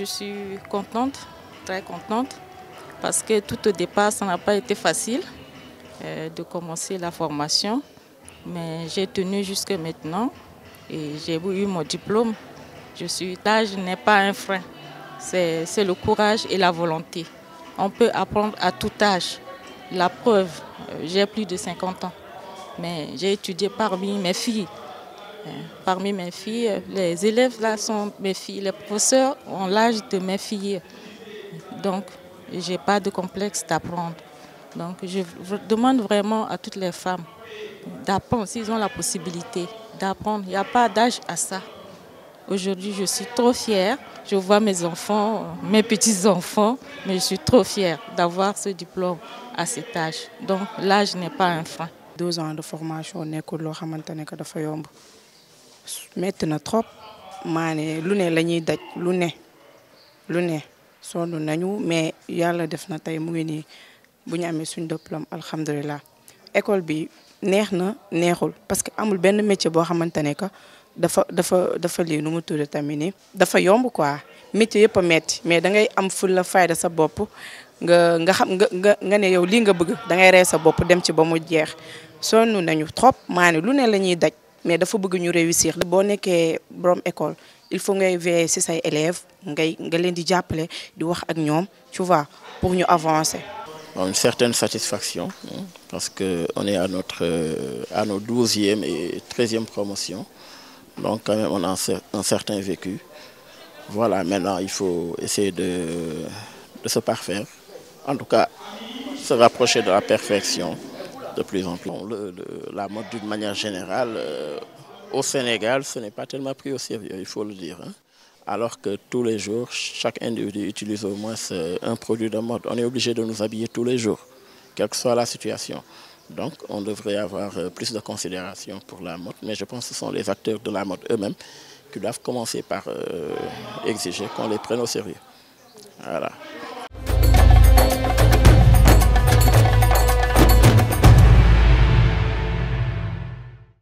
je suis contente, très contente, parce que tout au départ, ça n'a pas été facile euh, de commencer la formation, mais j'ai tenu jusque maintenant et j'ai eu mon diplôme. Je suis l'âge n'est pas un frein, c'est le courage et la volonté. On peut apprendre à tout âge. La preuve, euh, j'ai plus de 50 ans, mais j'ai étudié parmi mes filles. Euh, parmi mes filles, euh, les élèves là sont mes filles, les professeurs ont l'âge de mes filles. Donc, je n'ai pas de complexe d'apprendre. Donc, je demande vraiment à toutes les femmes d'apprendre, s'ils ont la possibilité d'apprendre. Il n'y a pas d'âge à ça. Aujourd'hui, je suis trop fière. Je vois mes enfants, euh, mes petits-enfants, mais je suis trop fière d'avoir ce diplôme à cet âge. Donc, l'âge n'est pas un frein. Deux ans de formation, on metti na trop maa lu ne la ñuy daj lu ne lu ne sonn nañu mais yàlla def na tey mu ngi nii bu ñu amee suñ diplôme alhamdulilah école bi neex na neexul parce que amul benn métier boo xamante ne que dafa dafa dafa lii nu mu tudd tamit nii dafa yomb quoi métier yëpp a metti mais da ngay am ful la fayda sa bopp nga nga xam nga nga ne yow lii nga bëgg da ngay rey sa bopp dem ci ba mu jeex sonn nañu trop maa lu ne la ñuy daj. mais il dafa bëgg ñu réussir est que borom école il faut que veiller élèves ngay nga leen di tu vois pour ñu avancer. une certaine satisfaction hein, parce que on est à notre euh, à nos douzième et e promotion donc quand même on a un certain vécu voilà maintenant il faut essayer de de se parfaire en tout cas se rapprocher de la perfection de plus en plus. la mode, d'une manière générale, euh, au Sénégal, ce n'est pas tellement pris au sérieux, il faut le dire. Hein. Alors que tous les jours, chaque individu utilise au moins un produit de mode. On est obligé de nous habiller tous les jours, quelle que soit la situation. Donc, on devrait avoir euh, plus de considération pour la mode, mais je pense que ce sont les acteurs de la mode eux-mêmes qui doivent commencer par euh, exiger qu'on les prenne au sérieux. Voilà.